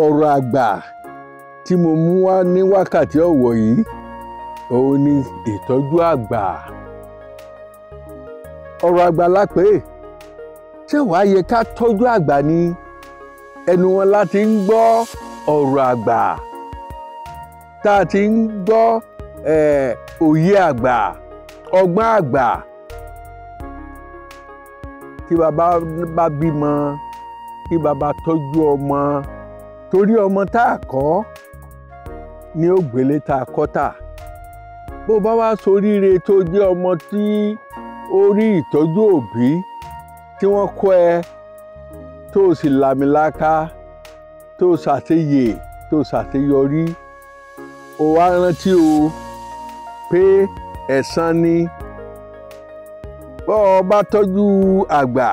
ọ̀rọ̀ àgbà tí mo mú wá ní wákàtí ọ̀wọ̀ yìí òun ni ìtọ́jú àgbà ọ̀rọ̀ àgbà lápè ṣé wàá yẹ ká tọ́jú àgbà ni ẹnu wọn láti ń gbọ́ ọ̀rọ̀ àgbà tá a ti ń gbọ́ òye àgbà ọgbọ́n àgbà kí baba bá bímọ kí baba tọ́jú ọmọ torí ọmọ tá a kọ́ ni ó gbélé tá a kọ́ tà bó bá wá soríire tó jẹ́ ọmọ tí ó rí ìtọ́jú òbí tí wọ́n kọ́ ẹ tó o sì làmìlaka tó o ṣàṣeyè tó o ṣàṣeyọrí o wá rántí o pé ẹ̀san ni bọ́ ọ bá tọ́jú àgbà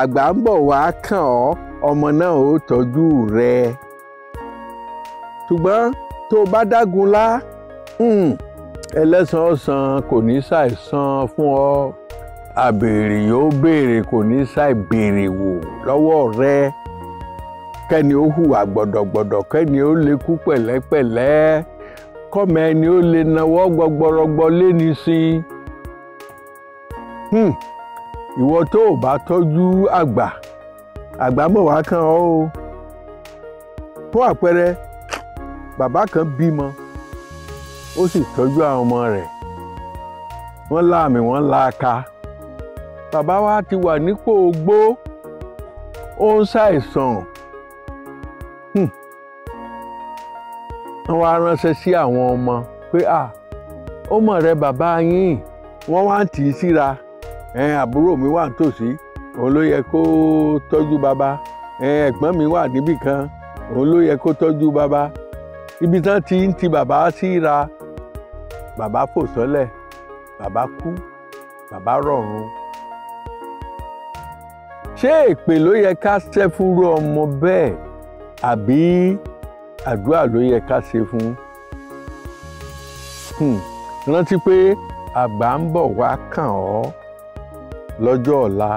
àgbà ń bọ̀ wá kàn ọ́ ọmọ náà ó tọ́jú rẹ. ṣùgbọ́n tó o bá dágun lá hmm, ẹlẹ́sàn ọ̀sán kò ní ṣàìsàn fún ọ àbèrè yóò béèrè kò ní ṣàìbèrè wò lọ́wọ́ rẹ kẹ́ni ó hùwà gbọ̀dọ̀gbọ̀dọ̀ kẹ́ni ó pẹ̀lẹ́pẹ̀lẹ́ ẹni ó lè nawọ́ gbọgbọrọgbọ sí i hmm, ìwọ tó o bá tọ́jú àgbà àgbà mọ̀ wá kan bàbá kan bímọ ó sì tọ́jú àwọn ọmọ rẹ̀ wọ́n láàmì wọ́n láaka bàbá wa ti wà nípò ogbó ó ń ṣàìsàn hmm. wọ́n wá ránṣẹ́ sí àwọn ọmọ pé à ọmọ rẹ bàbá yín wọ́n wá ń tì í síra àbúrò mi wà nítòsí òun ló yẹ kó tọ́jú bàbá ẹ̀gbọ́n mi wà níbì kan òun ló yẹ kó tọ́jú bàbá ibi tán ti ń ti bàbá síra bàbá fò sọ́lẹ̀ bàbá kú bàbá rọ̀run ṣé èpè ló yẹ ká ṣe fúnrú ọmọ bẹ́ẹ̀ àbí àdúrà ló yẹ ká ṣe fún un hmm, rántí pé àgbà ń bọ̀ wá kàn ọ́ lọ́jọ́ ọ̀la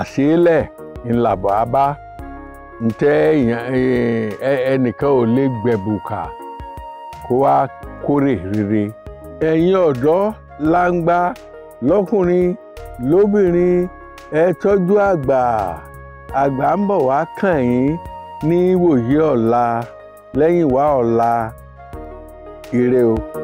àṣeélẹ̀ ńlàbọ̀ á bá. ntẹ ẹnìkan ò gbẹ̀bùkà kó wá kórè rere ẹ̀yin ọ̀dọ́ láǹgbá lọ́kùnrin lóbìnrin ẹ tọ́jú àgbà àgbà ń bọ̀ wá kàn yín ní ìwòye ọ̀la lẹ́yìn wá ọ̀la ire o.